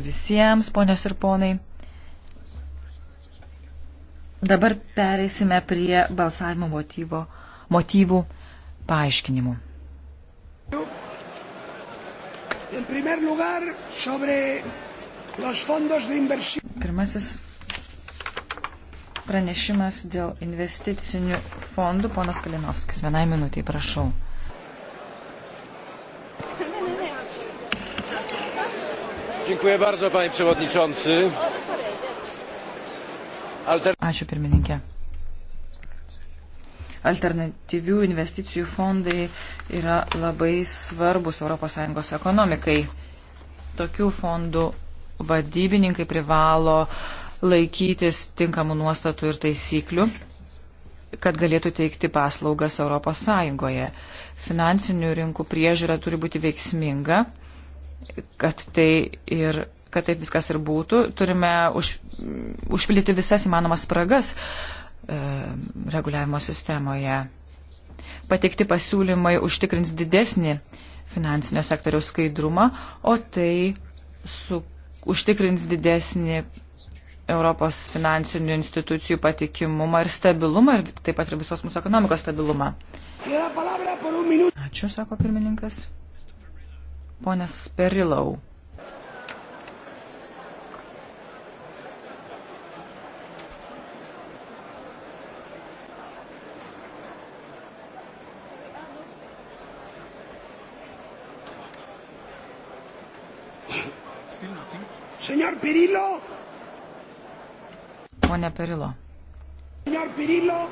visiems, ponios ir ponai. Dabar pereisime prie balsavimo motyvo, motyvų paaiškinimų. Pirmasis pranešimas dėl investicinių fondų. Ponas Kalinovskis, vienai minutiai prašau. Bardzo, panie przewodniczący. Alter... Ačiū pirmininkė. Alternatyvių investicijų fondai yra labai svarbus ES ekonomikai. Tokių fondų vadybininkai privalo laikytis tinkamų nuostatų ir taisyklių, kad galėtų teikti paslaugas ES. Finansinių rinkų priežiūra turi būti veiksminga kad tai ir kad taip viskas ir būtų, turime už, užpildyti visas įmanomas spragas e, reguliavimo sistemoje. Pateikti pasiūlymai užtikrins didesnį finansinio sektoriaus skaidrumą, o tai su, užtikrins didesnį Europos finansinių institucijų patikimumą ir stabilumą ir taip pat ir visos mūsų ekonomikos stabilumą. Ačiū, sako pirmininkas. Pone Sperilau. Señor Pirilo. Pone Pirilo. Señor Pirilo.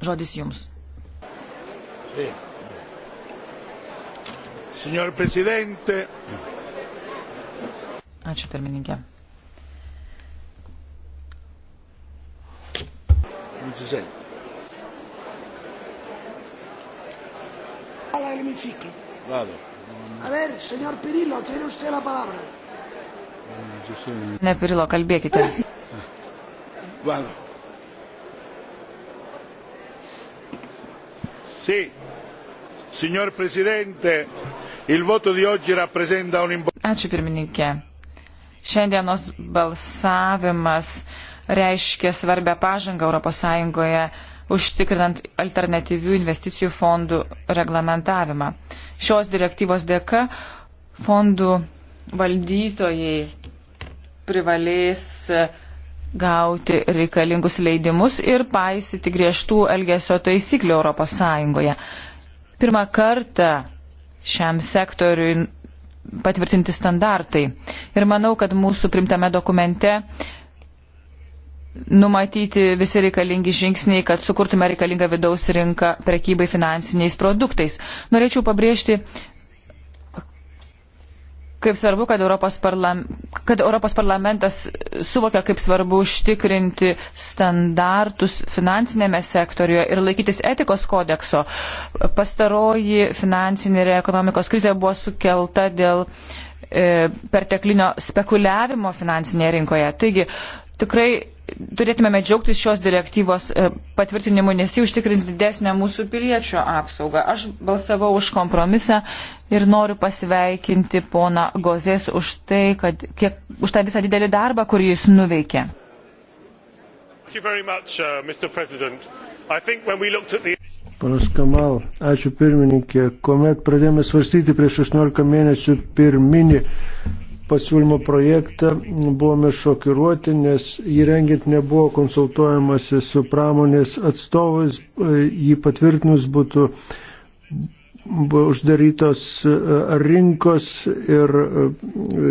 Žodis jums. Hey. Signor Presidente. Ačiū pirmininkė. Presidente. al hemiciclo. Vale. A ver, señor Pirillo, tiene usted la palabra. Ne Pirilo, kalbėkite. Vado. Sì, si. signor Presidente, Ačiū pirmininkė. Šiandienos balsavimas reiškia svarbę pažangą ES užtikrinant alternatyvių investicijų fondų reglamentavimą. Šios direktyvos dėka fondų valdytojai privalės gauti reikalingus leidimus ir paisyti griežtų elgesio taisyklių ES. Pirmą kartą šiam sektoriui patvirtinti standartai. Ir manau, kad mūsų primtame dokumente numatyti visi reikalingi žingsniai, kad sukurtume reikalingą vidaus rinką prekybai finansiniais produktais. Norėčiau pabrėžti kaip svarbu, kad Europos, parlam, kad Europos parlamentas suvokia, kaip svarbu užtikrinti standartus finansinėme sektorijoje ir laikytis etikos kodekso. Pastaroji finansinė ir ekonomikos krizė buvo sukelta dėl e, perteklinio spekuliavimo finansinėje rinkoje. Taigi, tikrai turėtumėme džiaugtis šios direktyvos e, patvirtinimu, nes jį užtikrins didesnę mūsų piliečio apsaugą. Aš balsavau už kompromisą ir noriu pasveikinti pona Gozės už, tai, kad, kiek, už tą visą didelį darbą, kurį jis nuveikė. Much, uh, the... Panas Kamal, ačiū pirmininkė. Komet pradėjome svarstyti prieš 18 mėnesių pirminį pasiūlymo projektą buvome šokiruoti, nes įrengint nebuvo konsultuojamasi su pramonės atstovais, jį patvirtinus būtų uždarytos e, rinkos ir e,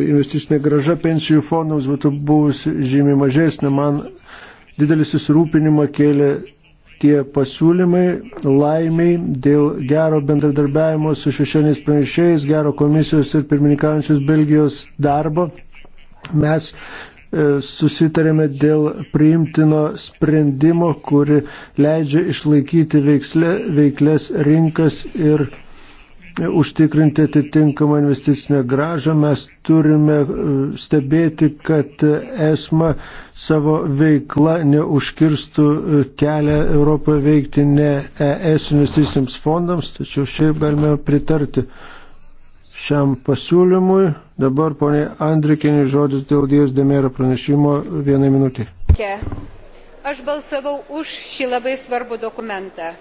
investicinė graža pensijų fondams būtų buvusi žymiai mažesnė. Man didelį susirūpinimą kėlė tie pasiūlymai laimiai dėl gero bendradarbiavimo su šešieniais pranešėjais, gero komisijos ir pirmininkaujančios Belgijos darbo. Mes e, susitarėme dėl priimtino sprendimo, kuri leidžia išlaikyti veikslė, veiklės rinkas ir užtikrinti atitinkamą investicinę gražą, mes turime e, stebėti, kad esma savo veikla neužkirstų e, kelią Europoje veikti ne ES investiciniams fondams, tačiau šiaip galime pritarti šiam pasiūlymui. Dabar ponė Andrikinė žodis dėl Dievos Demėra pranešimo vienai minutį. Aš balsavau už šį labai svarbų dokumentą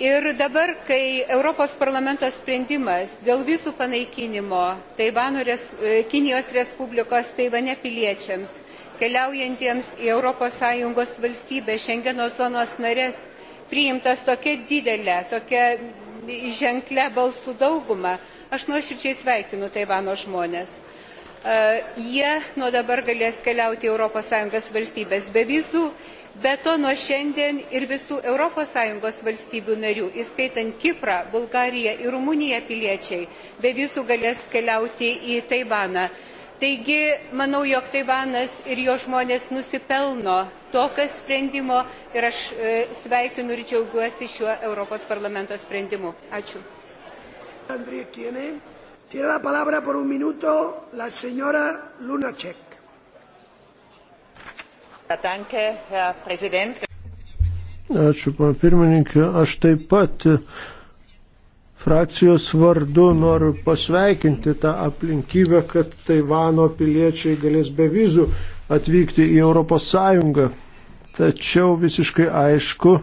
Ir dabar, kai Europos parlamento sprendimas dėl visų panaikinimo Taivano, e, Kinijos Respublikos Taivane piliečiams, keliaujantiems į ES valstybę Šengeno zonos narės, priimtas tokia didelė, tokia ženklė balsų dauguma, aš nuoširdžiai sveikinu Taivano žmonės. Uh, jie nuo dabar galės keliauti į ES valstybės be vizų be to nuo šiandien ir visų ES valstybių narių, įskaitant Kiprą, Bulgariją ir Rumuniją piliečiai, be visų galės keliauti į Taivaną. Taigi, manau, jog Taivanas ir jo žmonės nusipelno tokio sprendimo ir aš e, sveikinu ir džiaugiuosi šiuo Europos parlamento sprendimu. Ačiū. Andrė Kienė. Tiene la palabra por un minuto la señora Lunacek. Ačiū, pana pirmininkė. Aš taip pat e, frakcijos vardu noriu pasveikinti tą aplinkybę, kad Taivano piliečiai galės be vizų atvykti į ES. Tačiau visiškai aišku,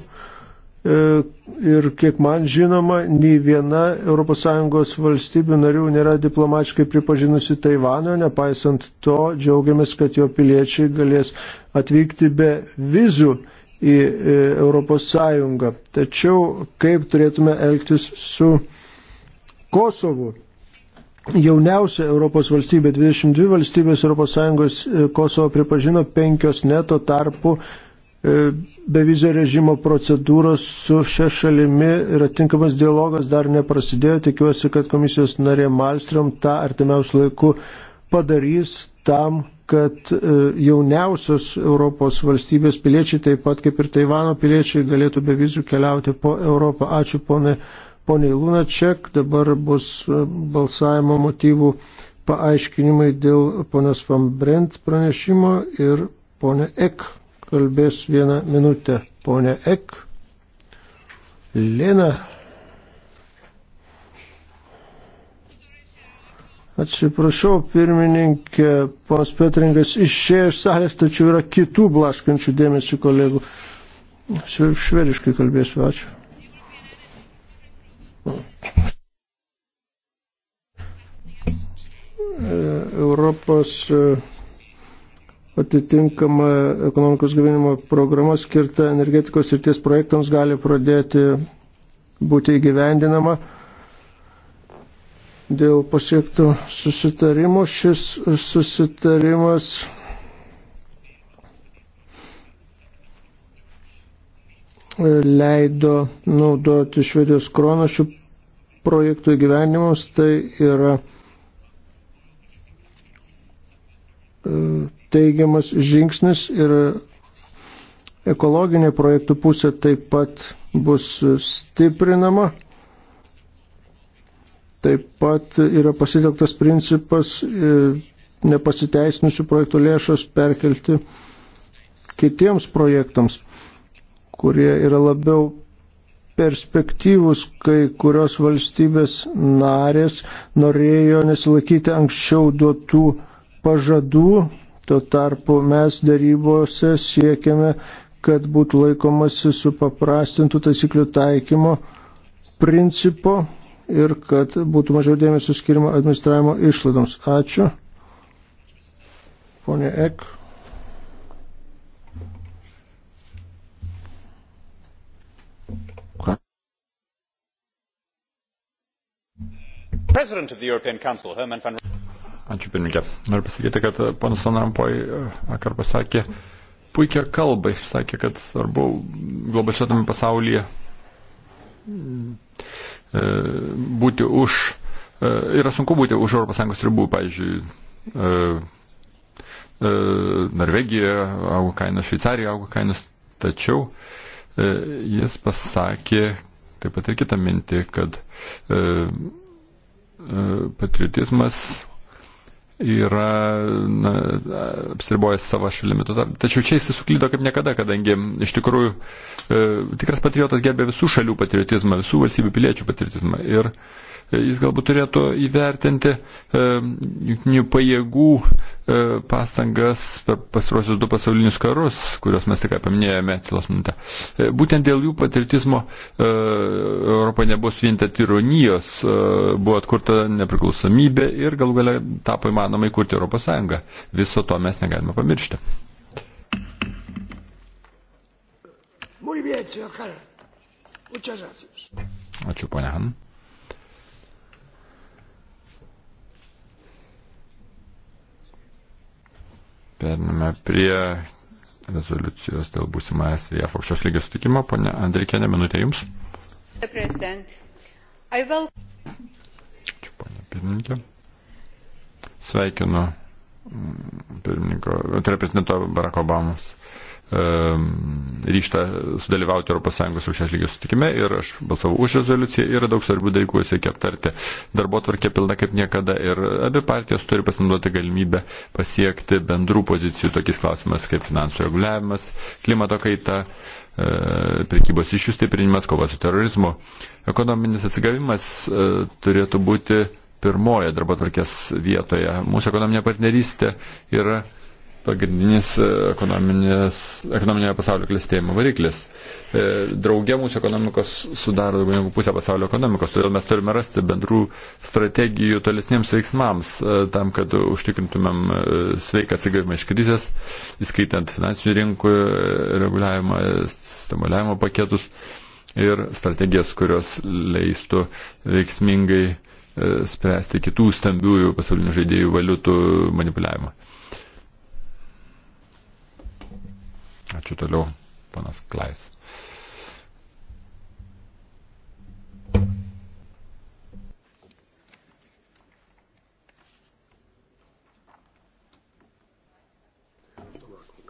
E, ir kiek man žinoma, nei viena ES valstybių narių nėra diplomatiškai pripažinusi Taivano, nepaisant to džiaugiamės, kad jo piliečiai galės atvykti be vizų į e, ES. Tačiau kaip turėtume elgtis su Kosovu? Jauniausia Europos valstybė, 22 valstybės ES e, Kosovo pripažino, penkios neto tarpu E, bevizio režimo procedūros su šia šalimi ir atinkamas dialogas dar neprasidėjo. Tikiuosi, kad komisijos narė Malstrom tą artimiausių laikų padarys tam, kad e, jauniausios Europos valstybės piliečiai, taip pat kaip ir Taivano piliečiai, galėtų be vizų keliauti po Europą. Ačiū ponai, poniai Lunačiak. Dabar bus e, balsavimo motyvų paaiškinimai dėl ponios Van Brent pranešimo ir ponė Ek kalbės vieną minutę ponė Ek. Lena. Atsiprašau, pirmininkė, ponas Petringas išėjo iš salės, tačiau yra kitų blaškančių dėmesį kolegų. Švediškai kalbėsiu, ačiū. E, Europos e, atitinkama ekonomikos gyvenimo programa skirta energetikos ir ties projektams gali pradėti būti įgyvendinama. Dėl pasiektų susitarimų šis susitarimas leido naudoti švedijos kronašių projektų įgyvenimams, tai yra teigiamas žingsnis ir ekologinė projektų pusė taip pat bus stiprinama. Taip pat yra pasitelktas principas e, nepasiteisinusių projektų lėšos perkelti kitiems projektams, kurie yra labiau perspektyvus, kai kurios valstybės narės norėjo nesilaikyti anksčiau duotų pažadų, tuo tarpu mes darybose siekiame, kad būtų laikomasi su paprastintų taisyklių taikymo principo ir kad būtų mažiau dėmesio skirimo administravimo išlaidoms. Ačiū. Pone Ek. president of the european council herman van Ačiū pirmininkė. Noriu pasakyti, kad e, panas Sanampoj e, vakar pasakė puikia kalba. Jis sakė, kad svarbu globalizuotame pasaulyje e, būti už. Yra sunku būti už ES ribų, pavyzdžiui, Norvegija augo kainos, Šveicarija augo kainos, tačiau jis pasakė taip pat ir kitą mintį, kad patriotizmas yra na, apsiribojęs savo šalimi. Tačiau čia jis suklydo kaip niekada, kadangi iš tikrųjų e, tikras patriotas gerbė visų šalių patriotizmą, visų valstybių piliečių patriotizmą. Ir e, jis galbūt turėtų įvertinti e, jungtinių pajėgų e, pastangas per pasiruosius du pasaulinius karus, kuriuos mes tik paminėjome atsilos minutę. E, būtent dėl jų patriotizmo e, Europa nebus vien tironijos, e, buvo atkurta nepriklausomybė ir galų gale tapo įmanoma įmanoma įkurti Europos Sąjungą. Viso to mes negalime pamiršti. Ačiū, ponia Han. Pername prie rezoliucijos dėl būsimąją SVF aukščios lygio sutikimo. Pone Andrikėne, minutė jums. Ačiū, ponia pirmininkė. Sveikinu mm, pirmininko, tai yra prezidento Barack Obamos ryštą sudalyvauti ES aukščiaus lygio sutikime ir aš balsavau už rezoliuciją ir daug svarbių dalykų jis reikia aptarti. Darbo tvarkė pilna kaip niekada ir abi partijos turi pasinaudoti galimybę pasiekti bendrų pozicijų tokiais klausimas kaip finansų reguliavimas, klimato kaita, e, prekybos išjų stiprinimas, kova su terorizmu. Ekonominis atsigavimas e, turėtų būti pirmoje darbo tvarkės vietoje. Mūsų ekonominė partnerystė yra pagrindinis e, ekonominio pasaulio klėstėjimo variklis. E, Draugė mūsų ekonomikos sudaro daugiau negu pusę pasaulio ekonomikos, todėl mes turime rasti bendrų strategijų tolesniems veiksmams, e, tam, kad užtikrintumėm sveiką atsigavimą iš krizės, įskaitant finansinių rinkų reguliavimą, stimuliavimo paketus ir strategijas, kurios leistų veiksmingai E, spręsti kitų stambiųjų pasaulinių žaidėjų valiutų manipuliavimą. Ačiū toliau, panas Klais.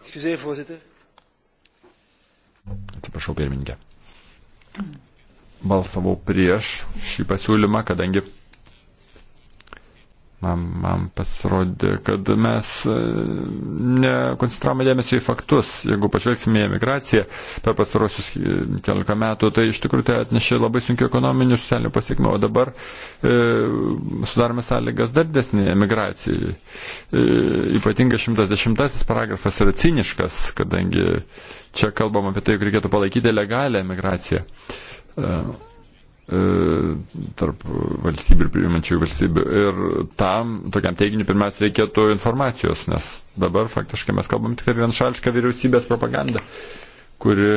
Excuseer, voorzitter. Atsiprašau, pirmininkė. Balsavau prieš šį pasiūlymą, kadangi Man, man pasirodė, kad mes e, nekoncentravome dėmesio į faktus. Jeigu pažvelgsime į emigraciją per pastarosius e, keliolika metų, tai iš tikrųjų tai atnešė labai sunkių ekonominių socialinių pasiekmių, o dabar e, sudarome sąlygas dar desnį emigracijai. E, ypatingai 110 paragrafas yra ciniškas, kadangi čia kalbam apie tai, jog reikėtų palaikyti legalią emigraciją. E, E, tarp valstybių ir priimančių valstybių. Ir tam, tokiam teiginiu, pirmiausia, reikėtų informacijos, nes dabar faktiškai mes kalbam tik apie vienšališką vyriausybės propagandą, kuri,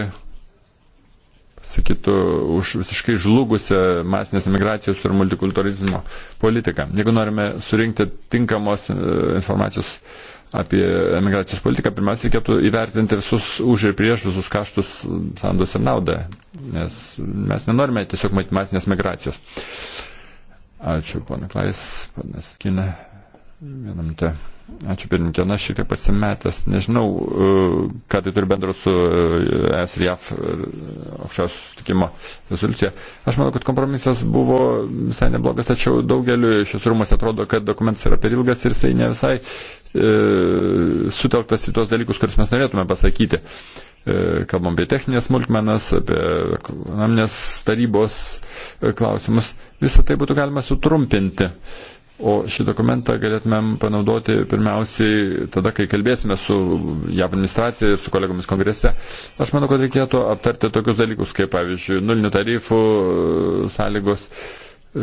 sakytų, už visiškai žlugusią masinės imigracijos ir multikulturizmo politiką. Jeigu norime surinkti tinkamos e, informacijos apie emigracijos politiką, pirmiausia, reikėtų įvertinti visus už ir prieš, visus kaštus, sandus ir naudą, nes mes nenorime tiesiog matematinės migracijos. Ačiū, pana Klais, pana Skinė, vieną minutę. Ačiū pirmininkė, na šiek tiek pasimetęs, nežinau, e, ką tai turi bendro su ES ir JAF aukščiausio sutikimo rezoliucija. Aš manau, kad kompromisas buvo visai neblogas, tačiau daugeliu šis rūmas atrodo, kad dokumentas yra per ilgas ir jisai ne visai E, sutelktas į tos dalykus, kuriuos mes norėtume pasakyti. E, kalbam apie techninės smulkmenas, apie ekonominės tarybos e, klausimus. Visą tai būtų galima sutrumpinti. O šį dokumentą galėtumėm panaudoti pirmiausiai tada, kai kalbėsime su JAV administracija ir su kolegomis kongrese. Aš manau, kad reikėtų aptarti tokius dalykus, kaip pavyzdžiui, nulinių tarifų sąlygos. E, E,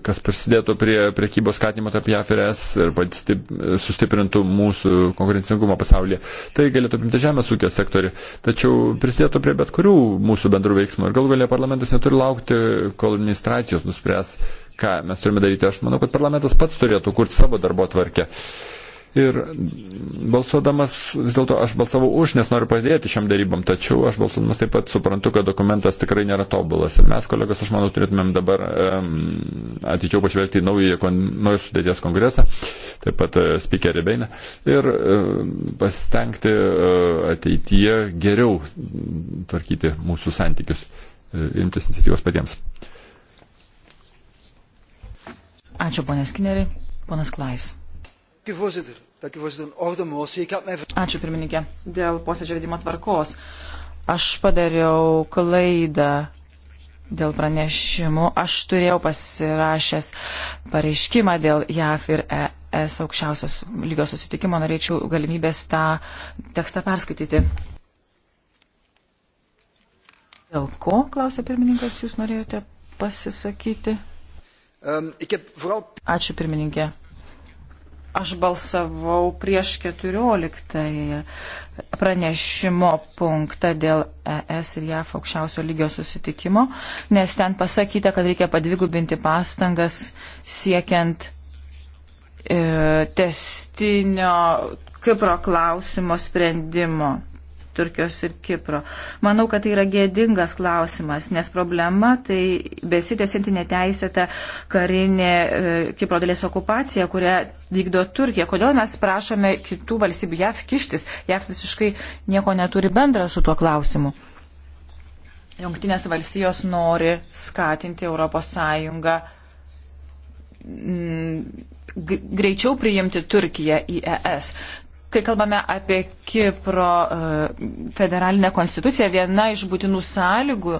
kas prisidėtų prie priekybos skatinimo tarp JAF ir ES ir stip, sustiprintų mūsų konkurencingumą pasaulyje. Tai galėtų apimti žemės ūkio sektorių, tačiau prisidėtų prie bet kurių mūsų bendrų veiksmų. Ir galų galia parlamentas neturi laukti, kol administracijos nuspręs, ką mes turime daryti. Aš manau, kad parlamentas pats turėtų kurti savo darbo tvarkę. Uh, Ir balsuodamas, vis dėlto aš balsavau už, nes noriu padėti šiam darybam, tačiau aš balsuodamas taip pat suprantu, kad dokumentas tikrai nėra tobulas. Ir mes, kolegos, aš manau, turėtumėm dabar um, ateičiau pažvelgti į naują, naują sudėties kongresą, taip pat uh, speakerį beinę, ir uh, e, pasistengti uh, e, ateityje geriau tvarkyti mūsų santykius, uh, imtis iniciatyvos patiems. Ačiū, ponė Skineri, ponas Klais. Ačiū pirmininkė. Dėl posėdžio vedimo tvarkos. Aš padariau klaidą dėl pranešimų. Aš turėjau pasirašęs pareiškimą dėl JAF ir ES aukščiausios lygios susitikimo. Norėčiau galimybės tą tekstą perskaityti. Dėl ko, klausė pirmininkas, jūs norėjote pasisakyti? Ehm, Ačiū pirmininkė. Aš balsavau prieš 14 pranešimo punktą dėl ES ir JAF aukščiausio lygio susitikimo, nes ten pasakyta, kad reikia padvigubinti pastangas siekiant e, testinio Kipro klausimo sprendimo. Turkijos ir Kipro. Manau, kad tai yra gėdingas klausimas, nes problema tai besitėsinti neteisėta karinė e, Kipro dalies okupacija, kurią vykdo Turkija. Kodėl mes prašome kitų valstybių JAV kištis? JAV visiškai nieko neturi bendra su tuo klausimu. Junktinės valstijos nori skatinti ES mm, greičiau priimti Turkiją į ES. Kai kalbame apie Kipro e, federalinę konstituciją, viena iš būtinų sąlygų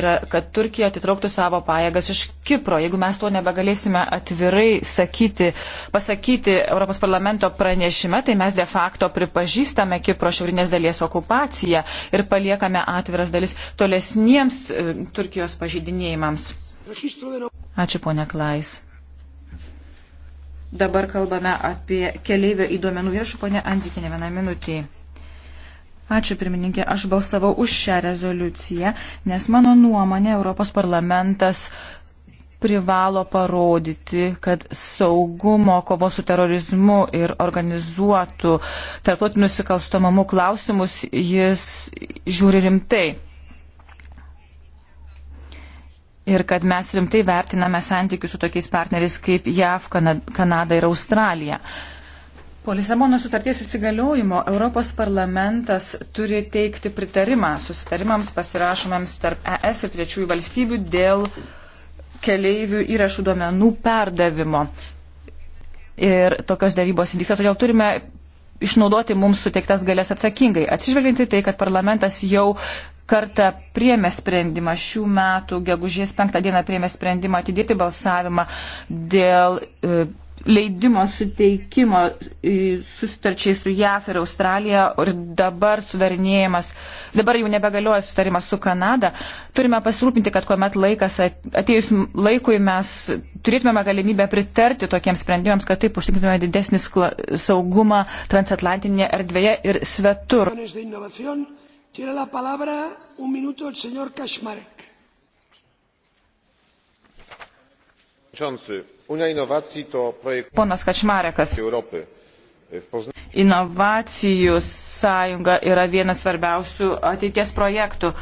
yra, kad Turkija atitrauktų savo pajėgas iš Kipro. Jeigu mes to nebegalėsime atvirai sakyti, pasakyti Europos parlamento pranešime, tai mes de facto pripažįstame Kipro šiaurinės dalies okupaciją ir paliekame atviras dalis tolesniems e, Turkijos pažydinėjimams. Ačiū, ponia Klais. Dabar kalbame apie keleivio į duomenų įrašų, ponė Andrikinė, vieną minutį. Ačiū pirmininkė, aš balsavau už šią rezoliuciją, nes mano nuomonė Europos parlamentas privalo parodyti, kad saugumo, kovos su terorizmu ir organizuotų tarptautinių nusikalstamamų klausimus jis žiūri rimtai ir kad mes rimtai vertiname santykius su tokiais partneriais kaip JAV, Kanada ir Australija. Po Lisabono sutarties įsigaliojimo Europos parlamentas turi teikti pritarimą susitarimams pasirašomams tarp ES ir trečiųjų valstybių dėl keleivių įrašų duomenų perdavimo. Ir tokios darybos vyksta, todėl turime išnaudoti mums suteiktas galės atsakingai. Atsižvelginti tai, kad parlamentas jau kartą priemė sprendimą, šių metų gegužės penktą dieną priemė sprendimą atidėti balsavimą dėl e, leidimo suteikimo e, susitarčiai su JAF ir Australija ir dabar sudarinėjimas, dabar jau nebegalioja sutarimas su Kanada, turime pasirūpinti, kad kuomet laikas atėjus laikui mes turėtume galimybę pritarti tokiems sprendimams, kad taip užtikrintume didesnį saugumą transatlantinėje erdvėje ir svetur unia innowacji to projekt europy. inovacijų sąjunga yra vienas svarbiausių ateities projektų.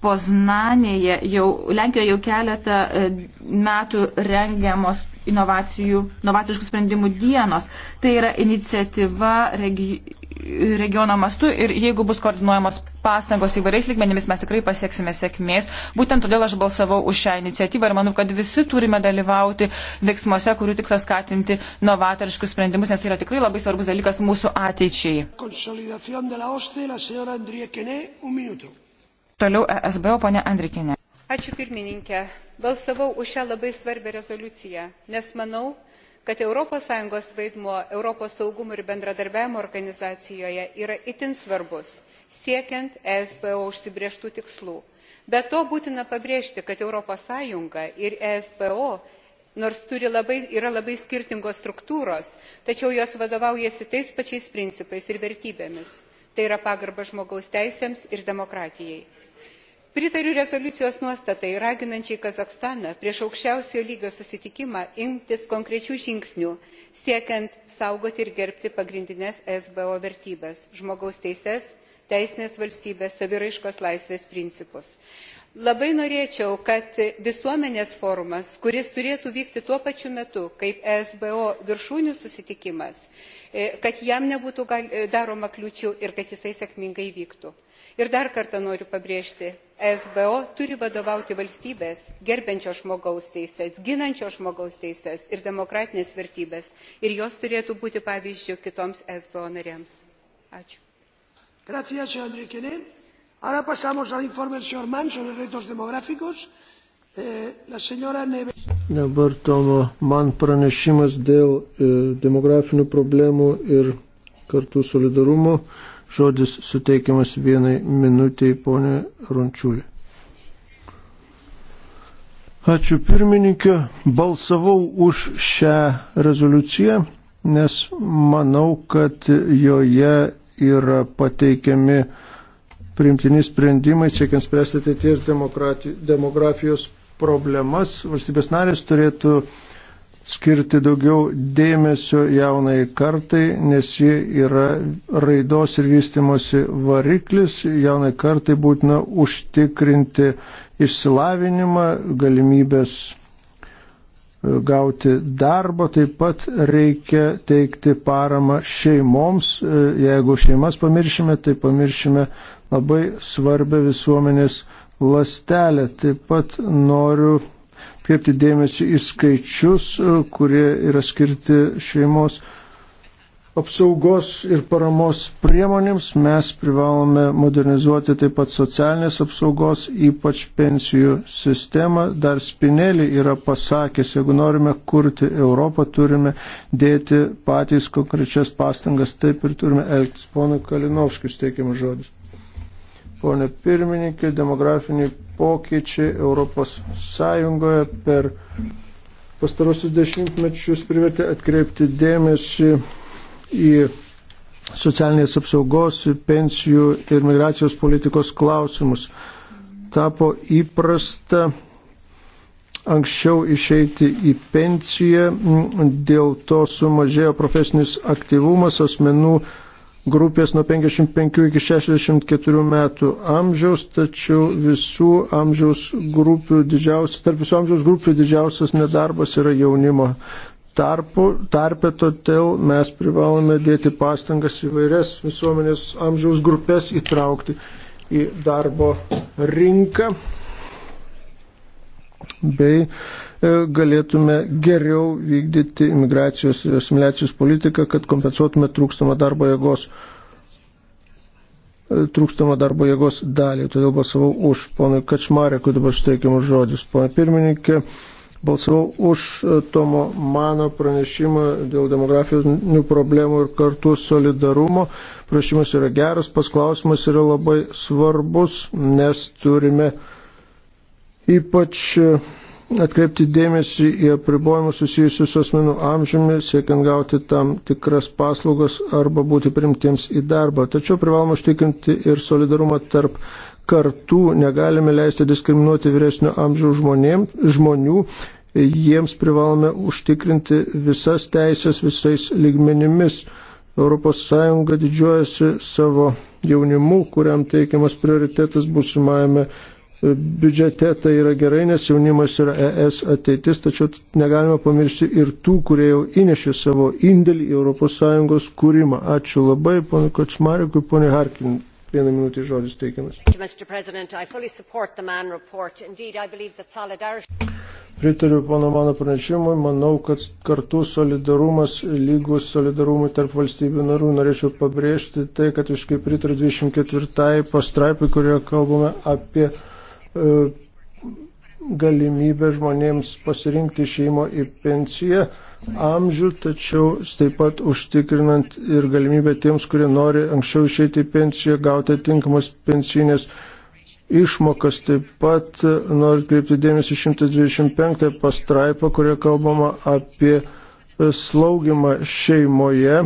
Poznanėje jau, Lenkijoje jau keletą e, metų rengiamos inovacijų, inovatoriškų sprendimų dienos. Tai yra iniciatyva regi, regiono mastu ir jeigu bus koordinuojamos pastangos įvairiais lygmenimis, mes tikrai pasieksime sėkmės. Būtent todėl aš balsavau už šią iniciatyvą ir manau, kad visi turime dalyvauti veiksmuose, kurių tikslas skatinti novatoriškus sprendimus, nes tai yra tikrai labai svarbus dalykas mūsų ateičiai. Toliau ESBO, ponia Andrikinė. Ačiū pirmininkė balsavau už šią labai svarbią rezoliuciją nes manau kad es vaidmuo europos saugumo ir bendradarbiavimo organizacijoje yra itin svarbus siekiant esbo užsibrėžtų tikslų. be to būtina pabrėžti kad europos sąjunga ir esbo nors yra labai skirtingos struktūros tačiau jos vadovaujasi tais pačiais principais ir vertybėmis tai yra pagarba žmogaus teisėms ir demokratijai pritariu rezoliucijos nuostatai raginančiai kazachstaną prieš aukščiausio lygio susitikimą imtis konkrečių žingsnių siekiant saugoti ir gerbti pagrindines esbo vertybes žmogaus teises teisinės valstybės saviraiškos laisvės principus. labai norėčiau kad visuomenės forumas kuris turėtų vykti tuo pačiu metu kaip esbo viršūnių susitikimas e, kad jam nebūtų e, daroma kliūčių ir kad jisai sėkmingai vyktų ir dar kartą noriu pabrėžti esbo turi vadovauti valstybės gerbiančios žmogaus teises ginančios žmogaus teises ir demokratines vertybes ir jos turėtų būti pavyzdžiu kitoms esbo narėms. ačiū. Ahora pasamos al informe del señor Mann sobre retos demográficos. Eh, Dabar Tomo man pranešimas dėl eh, demografinių problemų ir kartų solidarumo. Žodis suteikiamas vienai minutiai, ponė Rončiulė. Ačiū pirmininkė, balsavau už šią rezoliuciją, nes manau, kad joje yra pateikiami priimtini sprendimai, siekiant spręsti ateities demografijos problemas. Valstybės narės turėtų uh, skirti daugiau dėmesio jaunai kartai, nes ji yra raidos ir vystimosi variklis. Jaunai kartai būtina užtikrinti išsilavinimą, galimybės e, gauti darbą, taip pat reikia teikti paramą šeimoms. E, jeigu šeimas pamiršime, tai pamiršime labai svarbę visuomenės lastelę. Taip pat noriu kreipti dėmesį į skaičius, e, kurie yra skirti šeimos apsaugos ir paramos priemonėms. Mes privalome modernizuoti taip pat socialinės apsaugos, ypač pensijų sistemą. Dar Spinelį yra pasakęs, jeigu norime kurti Europą, turime dėti patys konkrečias pastangas, taip ir turime elgtis. Pono Kalinovskis teikiamas žodis. Pone pirmininkė, demografiniai pokyčiai Europos Sąjungoje per pastarosius dešimtmečius privertė atkreipti dėmesį į socialinės apsaugos, pensijų ir migracijos politikos klausimus. Tapo įprasta anksčiau išeiti į pensiją, dėl to sumažėjo profesinis aktyvumas asmenų grupės nuo 55 iki 64 metų amžiaus, tačiau visų amžiaus grupių didžiausias, tarp visų amžiaus grupių didžiausias nedarbas yra jaunimo tarpu, tarpe, todėl mes privalome dėti pastangas įvairias visuomenės amžiaus grupės įtraukti į darbo rinką bei e, galėtume geriau vykdyti imigracijos ir asimiliacijos politiką, kad kompensuotume trūkstamą darbo jėgos e, trūkstamą darbo jėgos dalį. Todėl balsavau už ponui Kačmarekui dabar suteikiamus žodžius. Pone pirmininkė, balsavau už e, Tomo mano pranešimą dėl demografijos problemų ir kartu solidarumo. Prašymas yra geras, pasklausimas yra labai svarbus, nes turime uh, Ypač e, atkreipti dėmesį į apribojimus susijusius su asmenų amžiumi, siekiant gauti tam tikras paslaugas arba būti primtiems į darbą. Tačiau privaloma užtikrinti ir solidarumą tarp kartų. Negalime leisti diskriminuoti vyresnio amžiaus žmonėm, žmonių. Jiems privalome užtikrinti visas teisės visais lygmenimis. ES didžiuojasi savo jaunimu, kuriam teikiamas prioritetas būsimajame biudžete, tai yra gerai, nes jaunimas yra ES ateitis, tačiau negalima pamiršti ir tų, kurie jau įnešė savo indėlį į ES kūrimą. Ačiū labai, ponai Kočmarikui, ponai Harkin. Vieną minutį žodis teikiamas. Pritariu pono mano pranešimui, manau, kad kartu solidarumas lygus solidarumui tarp valstybių narų. Norėčiau pabrėžti tai, kad iškai pritariu 24 pastraipai, kurioje kalbame apie E, galimybę žmonėms pasirinkti šeimo į pensiją amžių, tačiau taip pat užtikrinant ir galimybę tiems, kurie nori anksčiau išeiti į pensiją, gauti tinkamas pensinės išmokas. Taip pat noriu kreipti dėmesį 125 pastraipą, kurioje kalbama apie slaugimą šeimoje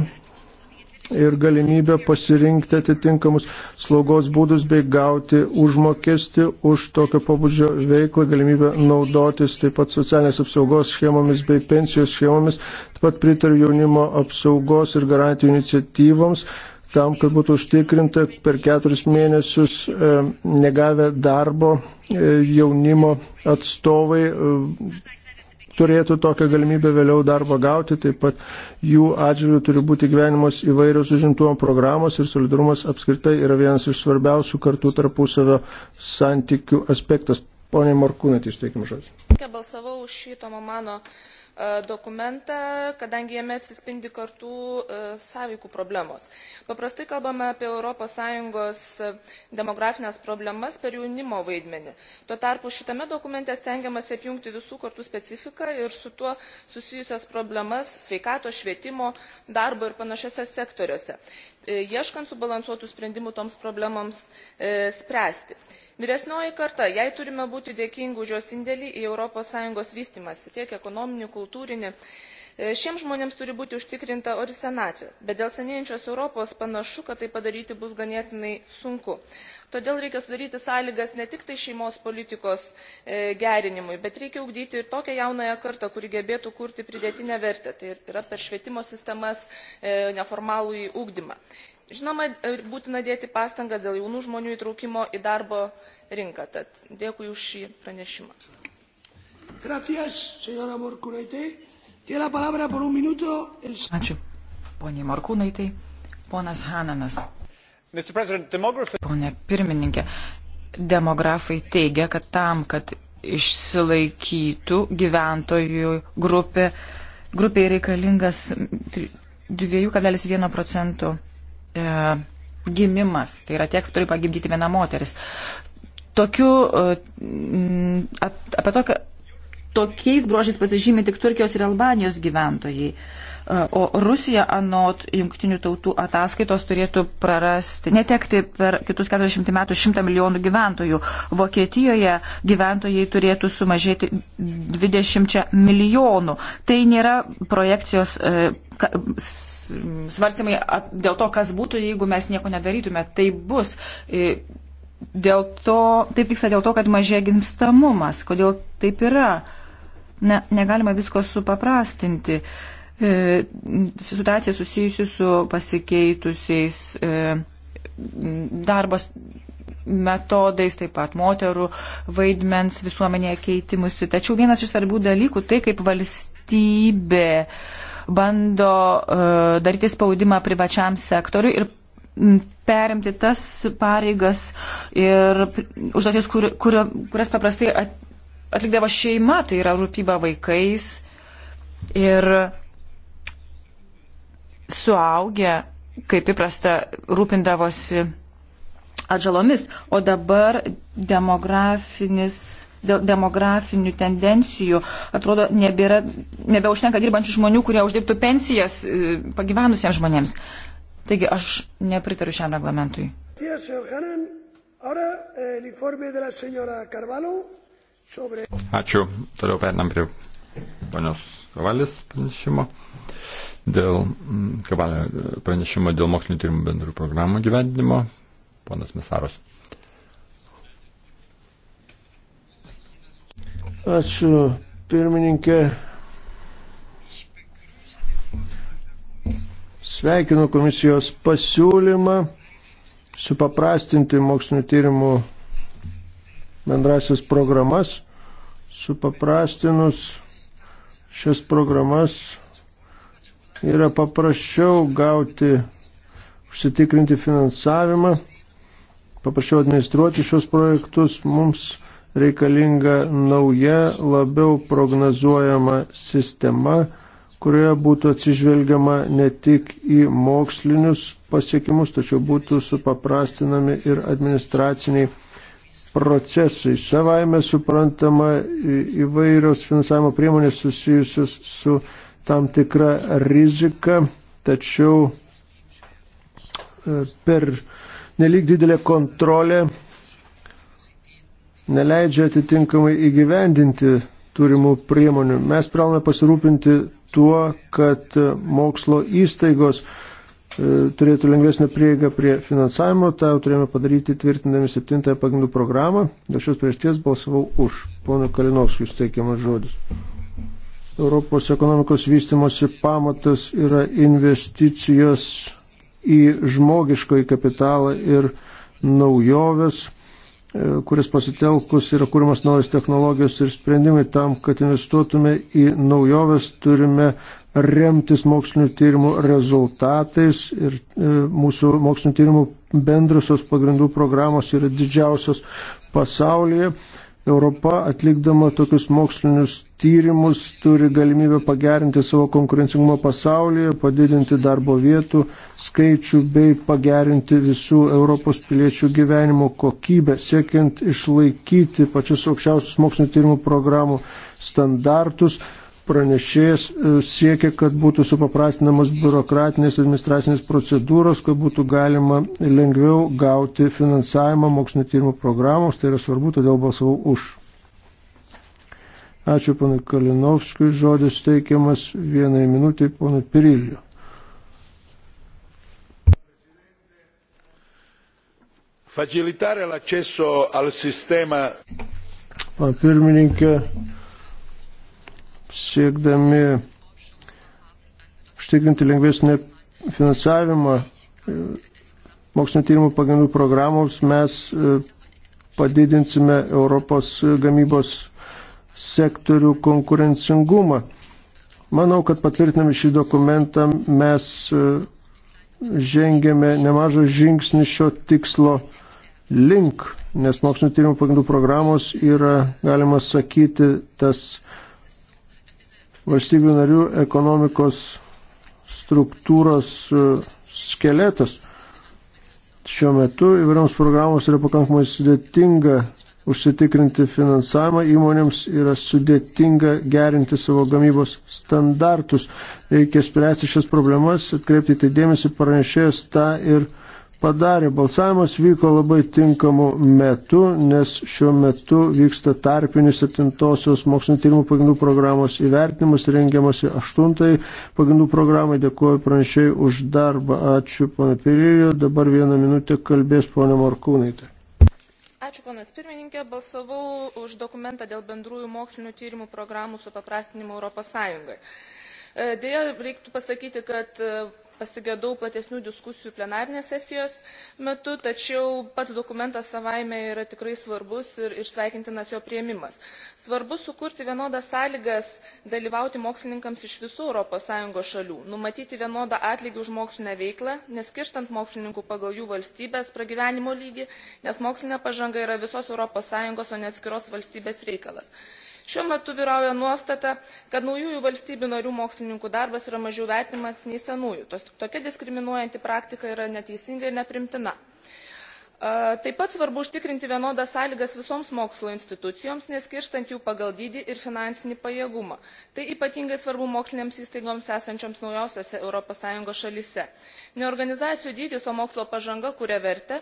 ir galimybę pasirinkti atitinkamus slaugos būdus bei gauti užmokesti už tokio pobūdžio veiklą, galimybę naudotis taip pat socialinės apsaugos schemomis bei pensijos schemomis. Taip pat pritariu jaunimo apsaugos ir garantijų iniciatyvoms tam, kad būtų užtikrinta per keturis mėnesius e, negavę darbo e, jaunimo atstovai e, turėtų tokią galimybę vėliau darbą gauti, taip pat jų atžvilgių turi būti gyvenimos įvairios užimtumo programos ir solidarumas apskritai yra vienas iš svarbiausių kartų tarpusavio santykių aspektas. Pone Morkūnai, išteikim žodžiu. Balsavau už šito mano E, dokumentą, kadangi jame atsispindi kartų e, sąveikų problemos. Paprastai kalbame apie ES e, demografinės problemas per jaunimo vaidmenį. Tuo tarpu šitame dokumente stengiamas apjungti visų kartų specifiką ir su tuo susijusias problemas sveikato, švietimo, darbo ir panašiose sektoriuose ieškant subalansuotų sprendimų toms problemams e, spręsti. Vyresnioji karta, jai turime būti dėkingi už jos indėlį į ES vystimąsi tiek ekonominį, kultūrinį. E, šiems žmonėms turi būti užtikrinta ori senatvė, bet dėl senėjančios Europos panašu, kad tai padaryti bus ganėtinai sunku. Todėl reikia sudaryti sąlygas ne tik tai šeimos politikos e, gerinimui, bet reikia ugdyti ir tokią jaunąją kartą, kuri gebėtų kurti pridėtinę vertę. Tai yra per švietimo sistemas e, neformalų į ūkdymą. Žinoma, e, būtina dėti pastangas dėl jaunų žmonių įtraukimo į darbo rinką. Tad dėkui už šį pranešimą. Gracias, señora Morkunaitė. Tiene la palabra por un minuto. El... Ačiū. Pone Morkūnaitai, ponas Hananas. Pone pirmininkė, demografai teigia, kad tam, kad išsilaikytų gyventojų grupė, grupė reikalingas 2,1 procentų e, gimimas. Tai yra tiek turi pagimdyti viena moteris. Tokiu, e, apie tokią tokiais bruožais pasižymė tik Turkijos ir Albanijos gyventojai. E, o Rusija, anot jungtinių tautų ataskaitos, turėtų prarasti, netekti per kitus 40 metų 100 milijonų gyventojų. Vokietijoje gyventojai turėtų sumažėti 20 milijonų. Tai nėra projekcijos e, svarstymai dėl to, kas būtų, jeigu mes nieko nedarytume. Tai bus. E, dėl to, taip vyksta dėl to, kad mažė gimstamumas. Kodėl taip yra? Na, negalima visko supaprastinti. E, situacija susijusi su pasikeitusiais e, darbos metodais, taip pat moterų vaidmens visuomenėje keitimusi. Tačiau vienas iš svarbių dalykų tai, kaip valstybė bando e, daryti spaudimą privačiam sektoriui ir perimti tas pareigas ir užduotis, kur, kur, kurias paprastai at, atlikdavo šeima, tai yra rūpyba vaikais ir suaugę, kaip įprasta, rūpindavosi atžalomis. O dabar demografinis demografinių tendencijų, atrodo, nebėra, nebeužtenka dirbančių žmonių, kurie uždirbtų pensijas e, pagyvenusiems žmonėms. Taigi aš nepritariu šiam reglamentui. Tiesa, Hanan, ahora, eh, el informe de la señora Carvalho. Ačiū. Toliau pernam prie ponios Kavalės pranešimo. Dėl mm, Kavalio pranešimo dėl mokslinio tyrimų bendrų programų gyvendinimo. Ponas Misaros. Ačiū, pirmininkė. Sveikinu komisijos pasiūlymą supaprastinti mokslinio tyrimų bendrasis programas, supaprastinus šias programas yra paprasčiau gauti, užsitikrinti finansavimą, paprasčiau administruoti šios projektus, mums reikalinga nauja, labiau prognozuojama sistema, kurioje būtų atsižvelgiama ne tik į mokslinius pasiekimus, tačiau būtų supaprastinami ir administraciniai procesai. Savaime suprantama įvairios finansavimo priemonės susijusios su tam tikra rizika, tačiau e, per nelik didelę kontrolę neleidžia atitinkamai įgyvendinti turimų priemonių. Mes privalome pasirūpinti tuo, kad mokslo įstaigos E, turėtų lengvesnę prieigą prie finansavimo, tą jau turėjome padaryti tvirtindami septintąją pagrindų programą. Dėl šios priešties balsavau už. Pono Kalinovskijus teikiamas žodis. Europos ekonomikos vystimosi pamatas yra investicijos į žmogiškoj kapitalą ir naujoves, e, kuris pasitelkus yra kūrimas naujas technologijos ir sprendimai tam, kad investuotume į naujoves, turime remtis mokslinio tyrimų rezultatais ir e, mūsų mokslinio tyrimų bendrusios pagrindų programos yra didžiausios pasaulyje. Europa atlikdama tokius mokslinius tyrimus turi galimybę pagerinti savo konkurencingumą pasaulyje, padidinti darbo vietų skaičių bei pagerinti visų Europos piliečių gyvenimo kokybę, siekiant išlaikyti pačius aukščiausius mokslinio tyrimų programų standartus pranešėjas e, siekia, kad būtų supaprastinamos biurokratinės administracinės procedūros, kad būtų galima lengviau gauti finansavimą mokslinio tyrimų programoms. Tai yra svarbu, todėl balsavau už. Ačiū panui Kalinovskui. Žodis teikiamas vienai minutiai panui Piriliu. Facilitare l'accesso al sistema. Pana pirmininkė, siekdami užtikrinti lengvesnį finansavimą e, mokslinio tyrimų pagrindų programoms, mes e, padidinsime Europos gamybos sektorių konkurencingumą. Manau, kad patvirtinami šį dokumentą mes e, žengėme nemažą žingsnį šio tikslo link, nes mokslinio tyrimų pagrindų programos yra, galima sakyti, tas valstybių narių ekonomikos struktūros e, skeletas. Šiuo metu įvairioms programos yra pakankamai sudėtinga užsitikrinti finansavimą, įmonėms yra sudėtinga gerinti savo gamybos standartus. Reikia spręsti šias problemas, atkreipti tai dėmesį, pranešėjas tą ir padarė. Balsavimas vyko labai tinkamu metu, nes šiuo metu vyksta tarpinis 7-osios mokslinio tyrimų pagrindų programos įvertinimas, rengiamasi 8-ai pagrindų programai. Dėkuoju pranešėjai už darbą. Ačiū, pana Pirėjo. Dabar vieną minutę kalbės pana Morkūnaitė. Ačiū, panas pirmininkė. Balsavau už dokumentą dėl bendrųjų mokslinių tyrimų programų supaprastinimo Europos Sąjungoje. Deja, reiktų pasakyti, kad pasigėdau platesnių diskusijų plenarinės sesijos metu, tačiau pats dokumentas savaime yra tikrai svarbus ir, ir sveikintinas jo prieimimas. Svarbu sukurti vienodas sąlygas dalyvauti mokslininkams iš visų ES šalių, numatyti vienodą atlygį už mokslinę veiklą, neskirstant mokslininkų pagal jų valstybės pragyvenimo lygį, nes mokslinė pažanga yra visos ES, o ne atskiros valstybės reikalas šiuo metu vyrauja nuostata kad naujųjų valstybių narių mokslininkų darbas yra mažiau vertinamas nei senųjų. tokia diskriminuojanti praktika yra neteisinga ir nepriimtina. Taip pat svarbu užtikrinti vienodas sąlygas visoms mokslo institucijoms, neskirstant jų pagal dydį ir finansinį pajėgumą. Tai ypatingai svarbu mokslinėms įstaigoms esančioms naujausiose ES šalise. Ne organizacijų dydis, o mokslo pažanga kuria vertę,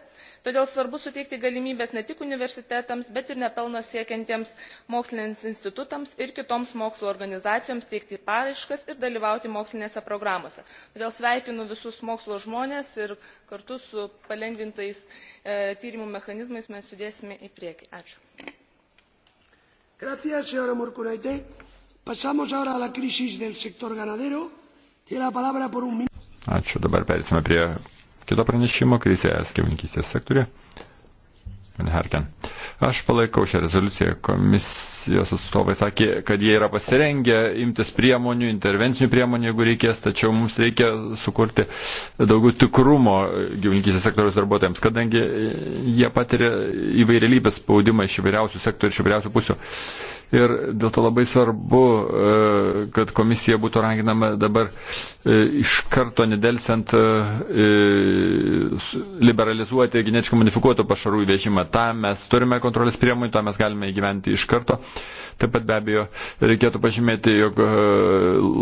todėl svarbu suteikti galimybės ne tik universitetams, bet ir nepelno siekiantiems mokslinėms institutams ir kitoms mokslo organizacijoms teikti paraiškas ir dalyvauti mokslinėse programuose. Todėl sveikinu visus mokslo žmonės ir kartu su palengvintais E, tyrimų mechanizmais mes judėsime į priekį. Ačiū. Gracias, señora Morcunaite. Pasamos ahora a la crisis del sector ganadero. Tiene la palabra por un minuto. Ačiū. Dabar persime prie kito pranešimo krizė skivininkystės sektorė. Harken. Aš palaikau šią rezoliuciją. Komis komisijos atstovai sakė, kad jie yra pasirengę imtis priemonių, intervencinių priemonių, jeigu reikės, tačiau mums reikia sukurti daugiau tikrumo gyvulinkysės sektoriaus darbuotojams, kadangi jie patiria įvairialybės spaudimą iš įvairiausių sektorių, iš įvairiausių pusių. Ir dėl to labai svarbu, e, kad komisija būtų raginama dabar e, iš karto nedelsiant e, liberalizuoti genetiškai modifikuotų pašarų įvežimą. Tam mes turime kontrolės priemonių, tam mes galime įgyventi iš karto. Uh, Taip pat be abejo reikėtų pažymėti, jog e,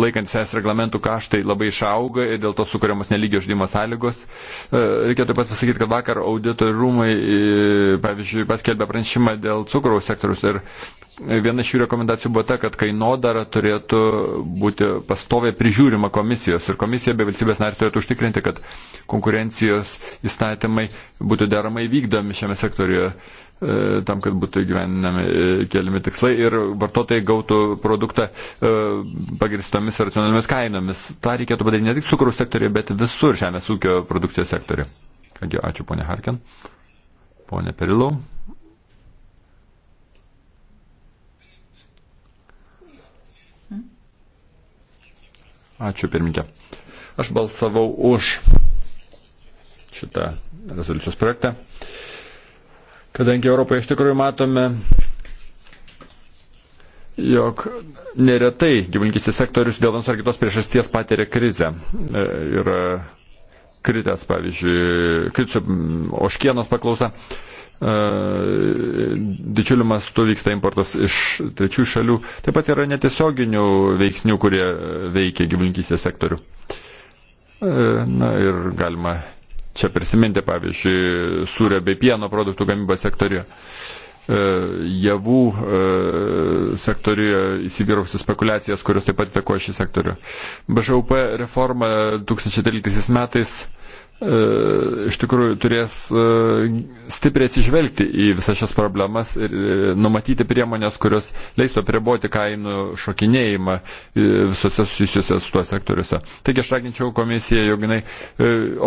laikant SES reglamentų kaštai labai išauga ir dėl to sukūriamos neligio žudimo sąlygos. E, reikėtų taip pat pasakyti, kad vakar audito rūmai, e, pavyzdžiui, paskelbė pranešimą dėl cukraus sektorius ir viena iš jų rekomendacijų buvo ta, kad kainodara turėtų būti pastoviai prižiūrima komisijos ir komisija bei valstybės narys turėtų užtikrinti, kad konkurencijos įstatymai būtų deramai vykdomi šiame sektoriuje. E, tam, kad būtų įgyveninami e, keliami tikslai ir vartotojai gautų produktą e, pagristomis racionaliomis kainomis. Ta reikėtų padaryti ne tik cukrų sektoriuje, bet visur žemės ūkio produkcijos sektoriuje. Kągi, ačiū ponė Harkin. Pone Perilau. Ačiū pirmininkė. Aš balsavau už šitą rezoliucijos projektą. Uh, kadangi Europoje iš tikrųjų matome, jog neretai gyvulinkistės sektorius dėl vienos ar kitos priežasties patiria krizę. Ir e, kritęs, pavyzdžiui, kritsio oškienos paklausa. E, didžiuliu mastu vyksta importas iš trečių šalių. Taip pat yra netiesioginių veiksnių, kurie veikia gyvulinkystės sektorių. E, na ir galima Čia prisiminti, pavyzdžiui, sūrio bei pieno produktų gamybos sektoriuje. E, javų e, sektoriuje įsivyrausi spekulacijas, kurios taip pat įtakoja šį sektorių. BŽUP reforma 2013 metais E, iš tikrųjų turės e, stipriai atsižvelgti į visas šias problemas ir e, numatyti priemonės, kurios leistų apriboti kainų šokinėjimą visose susijusiuose su tuo sektoriuose. Taigi aš raginčiau komisiją, jog jinai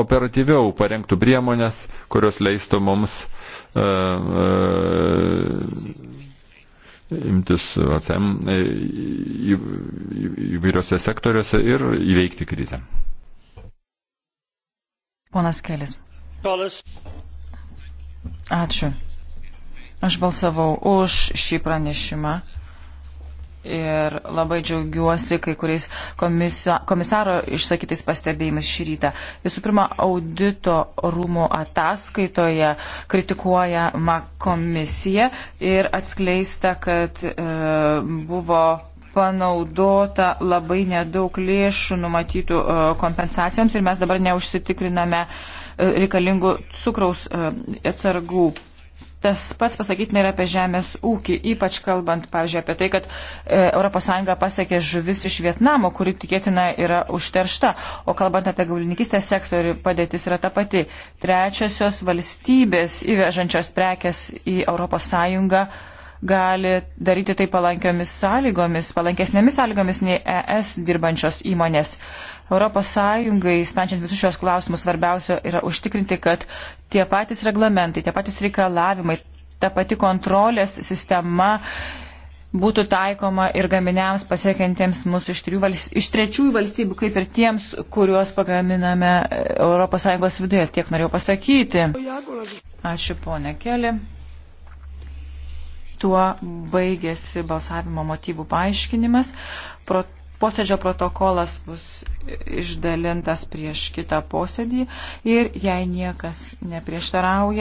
operatyviau parengtų priemonės, kurios leistų mums uh, uh, imtis ACM įvairiose sektoriuose ir įveikti krizę. Ponas Kelis. Ačiū. Aš balsavau už šį pranešimą ir labai džiaugiuosi kai kuriais komisio, komisaro išsakytais pastebėjimais šį rytą. Visų pirma, audito rūmų ataskaitoje kritikuoja komisiją ir atskleista, kad e, buvo panaudota labai nedaug lėšų numatytų e, kompensacijoms ir mes dabar neužsitikriname e, reikalingų cukraus e, atsargų. Tas pats pasakytume ir apie žemės ūkį, ypač kalbant, pavyzdžiui, apie tai, kad ES pasiekė žuvis iš Vietnamo, kuri tikėtina yra užteršta, o kalbant apie gaulininkistės sektorių, padėtis yra ta pati. Trečiosios valstybės įvežančios prekes į ES gali daryti tai palankiomis sąlygomis, palankesnėmis sąlygomis nei ES dirbančios įmonės. ES, sprendžiant visus šios klausimus, svarbiausia yra užtikrinti, kad tie patys reglamentai, tie patys reikalavimai, ta pati kontrolės sistema būtų taikoma ir gaminiams pasiekiantiems mūsų iš, valst... iš trečiųjų valstybių, kaip ir tiems, kuriuos pagaminame ES viduje. Tiek norėjau pasakyti. Ačiū, ponė Keli. Tuo baigėsi balsavimo motyvų paaiškinimas. Pro, posėdžio protokolas bus išdalintas prieš kitą posėdį ir jei niekas neprieštarauja,